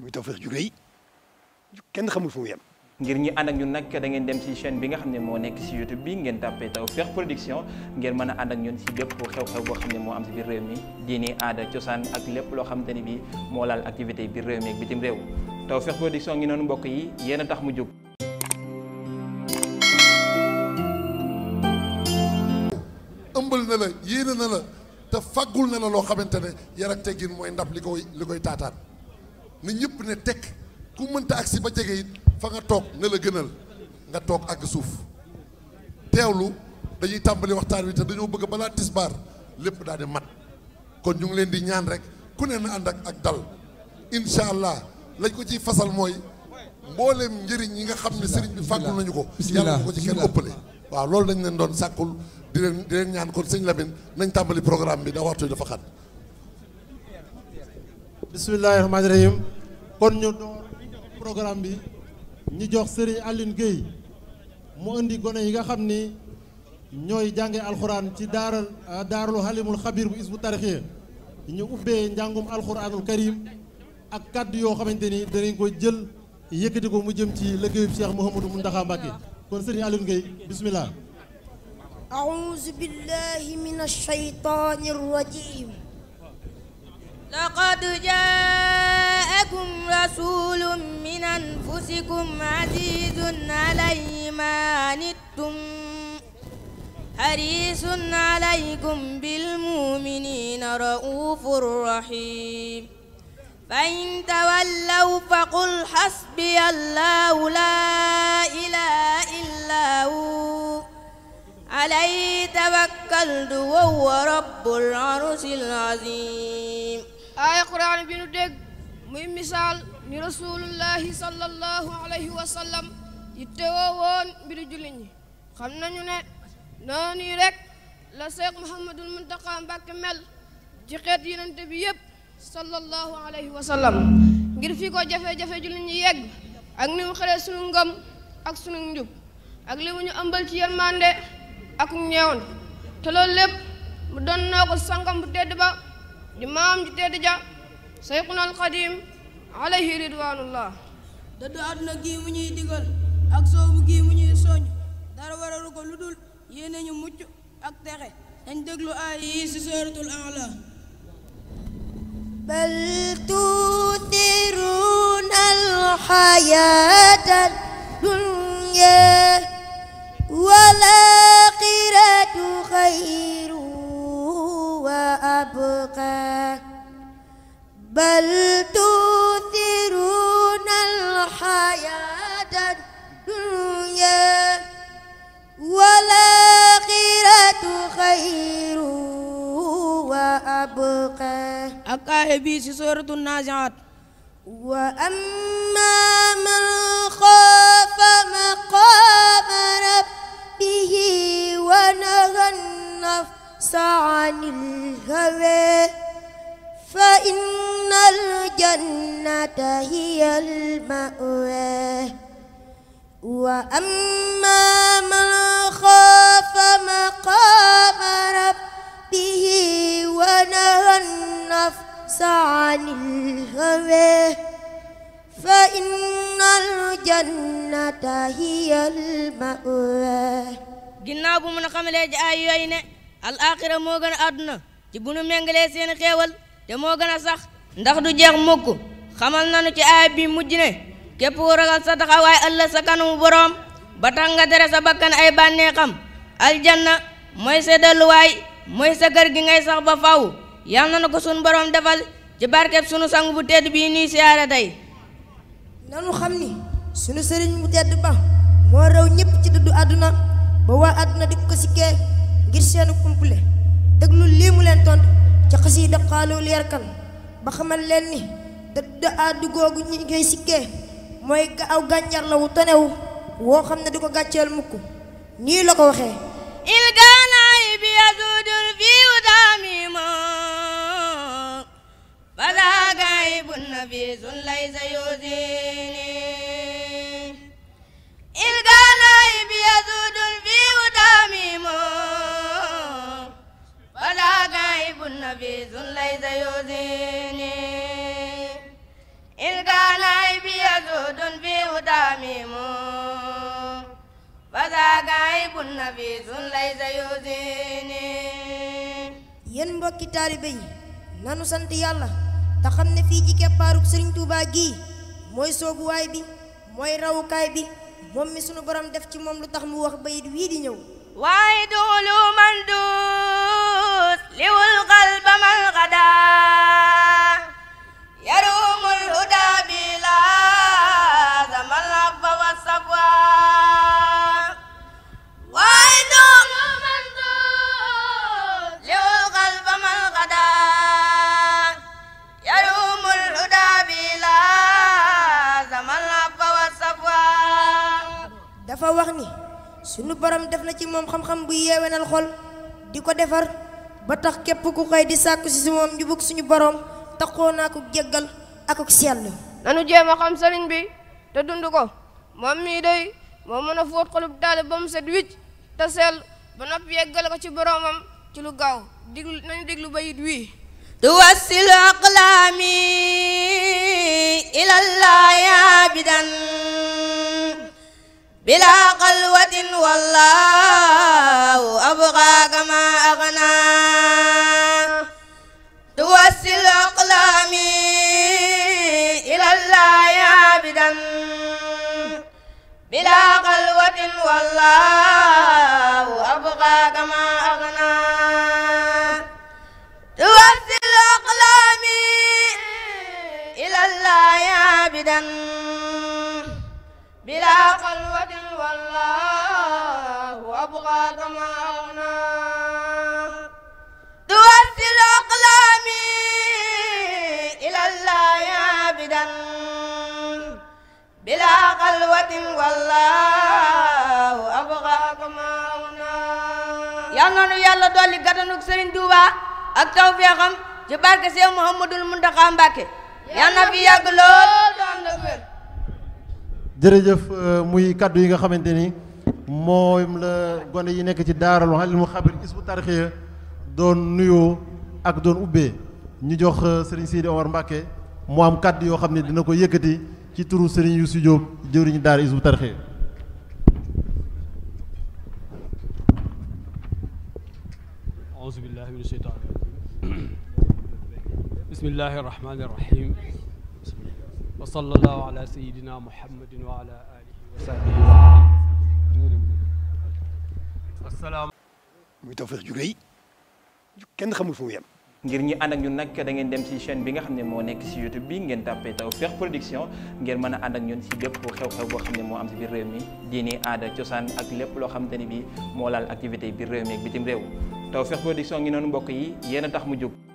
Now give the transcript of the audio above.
muy Tawfekh ju rëy kenn xamul fu mu ngir ñi ànd ak ñun nag dangeen dem ci chaîne bi nga xam ne moo nekk ci YouTube bi ngeen tàppee Tawfekh Production ngeen mën a ànd ak ñun ci bépp xew-xew boo xam ne moo am ci biir réew mi diini aada cosaan ak lépp loo xamante ni bi moo laal activité biir réew mi ak bitim réew Tawfekh Production ngi noonu mbokk yi yéen a tax mu jóg. ëmbal na la yéene na la te faggul na la loo xamante ne yar ak mooy ndab li koy ni ñëpp ne tekk ku mënta ak si ba jege it fa nga toog ne la gënal nga toog àgg suuf teewlu dañuy tàmbali waxtaan wi te dañoo bëgg balaa tisbaar lépp daal di mat kon ñu ngi leen di ñaan rek ku ne na ànd ak ak dal incha allah lañ ko ci fasal mooy mbooleem njëriñ yi nga xam ne sëriñ bi fàggul nañu ko yàlla ko ci kenn ëppale waaw loolu dañ leen doon sàkkul di leen di leen ñaan kon sëñ Lamine nañ tàmbali programme bi da waxtu dafa xat bismillahi rahmaani rahim kon ñu door programme bi ñu jox Serigne Aline Gueye mu indi gone yi nga xam ni ñooy jànge alxuraan ci daaral daarul halimul xabir bu isbu tarixiya ñu ubbee njàngum alxuraanul karim ak kàddu yoo xamante ni danañ ko jël yëkkati ko mu jëm ci liggéeyub Cheikh Mouhamadou Mountakha Mbacké kon Serigne Aline Gueye bismillah a'uuzu billahi minash shaytaanir rajiim لقد جاءكم رسول من أنفسكم عزيز علي ما عنتم حريص عليكم بالمؤمنين رؤوف رحيم فإن تولوا فقل حسبي الله لا إله إلا هو عليه توكلت وهو رب العرش العظيم aaya quraan bi nu dégg muy misaal ni rasulullahi sallallahu alayhi wa sallam yittewoo woon mbiru jullit xam nañu ne noonu yi la Seex Muhammadul Muntaqa Mbàkke mel ci xeet yonente bi yépp sallallahu alayhi wa sallam ngir fi ko jafe-jafe jullit ñi yegg ak ni mu xëree sunu ngëm ak sunu njub ak li mu ñu ëmbal ci yërmande ak ñeewoon te lépp mu doon ko sangam bu tedd ba di maam ji tedd ja sayxuna alxadim alayhi ridwanullah dëdd àdduna gii mu ñuy digal ak soobu gii mu ñuy soññ dara waralu ko lu dul yéene ñu mucc ak texe dañ déglu aay yi ci suratul aala bal tuutiruna alxayaata dunya ak aaya bii ci sooratu naziat wa amma man xaafa maqaama rabbihi wa naha nafsa anil hawa fa innal jannata hiyal ma'wa wa amma man xaafa inna aljannata hiya ginnaaw bu mun a xamalee ji ay yooyu ne al axira moo gën a àdduna ci bu nu méngalee seen xéewal te moo gën a sax ndax du jeex mukk xamal nanu ci aaya bii mujj ne képp ku ragal sa taxawaay ëllëg sa kanamu boroom ba tax nga tere sa bakkan ay bànneexam aljanna mooy sa delluwaay mooy sa kër gi ngay sax ba faw yal na ko sun boroom defal ci barkeb sunu sang bu tedd bii nuy siyaare tey nanu xam ni sunu sëriñ mu tedd ba moo raw ñëpp ci dëddu àdduna ba waa àdduna di ko sikkee ngir seenu kumple déglu lii mu leen tont ci xasiida xaalul yarkan ba xamal leen ni dëddu àddu googu ñi ngay sikkee mooy aw gànjar la wu tonewu woo xam ne di ko gàcceel mukk nii la ko waxee حفيظ ليس يؤذيني إن كان عيبي يسود فيه تميم فلا غائب نفيس ليس يؤذيني إن كان عيبي يسود فيه تميم فلا غائب نفيس ليس يؤذيني yéen mbokki taalibe yi nanu sant yàlla te xam ne fii ci keppaaruk sëriñ Touba gii mooy sooguwaay bi mooy rawukaay bi moom mi sunu borom def ci moom lu tax mu wax bayit wii di ñëw waaye duulu man dafa wax ni sunu borom def na ci moom xam-xam bu yeewenal xol di ko defar ba tax képp ku xëy di sàkku si si moom njubug suñu borom taxoo naa ko jéggal ak ak sell nanu jéem a xam sëriñ bi te dund ko moom mii day moo mën a fóot xolub daale ba mu set wicc te sell ba noppi yeggale ko ci boromam ci lu gaaw diglu nañu diglu bayit wii توسل أقلامي إلى الله بلا قلوة والله أبغى كما أغنى توسل أقلامي إلى الله عابدا بلا قلوة والله أبغى كما أغنى توسل أقلامي إلى الله عابدا بلا قلوة والله أبغى ضمعنا توسل أقلامي إلى الله عابدا بلا قلوة والله أبغى ضمعنا yal na nu yàlla dolli gàttanug ak tawfeexam ci barke Seex Muhammadul Muntaxa Mbàkke yal na fi jërëjëf euh, muy kaddu yi nga xamante ni moom la gone yi nekk ci daara lu mu xabir isbu tarxiya doon nuyoo ak doon ubbee ñu jox euh, sëriñ Sidi Omar Mbacke mu am kaddu yoo xam ne dina ko yëkkati ci turu sëriñ Youssou Diop jëwriñu daara isbu tarxiya auzu wa sallallahu ala sayidina muhammadin wa ala alihi wa sahbihi asalaam muy Tawfekh ju rëy kenn xamul fu mu ngir ñi ànd ak ñun nag da ngeen dem ci chain bi nga xam ne moo nekk ci YouTube bi ngeen tàppee Tawfekh Production ngeen mën a ànd ak ñun ci bépp xew-xew boo xam ne moo am ci biir réew mi diini aada cosaan ak lépp loo xamante ni bi moo laal activité biir réew mi ak bitim réew Tawfekh Production ngi noonu mbokk yi yéen a tax mu jóg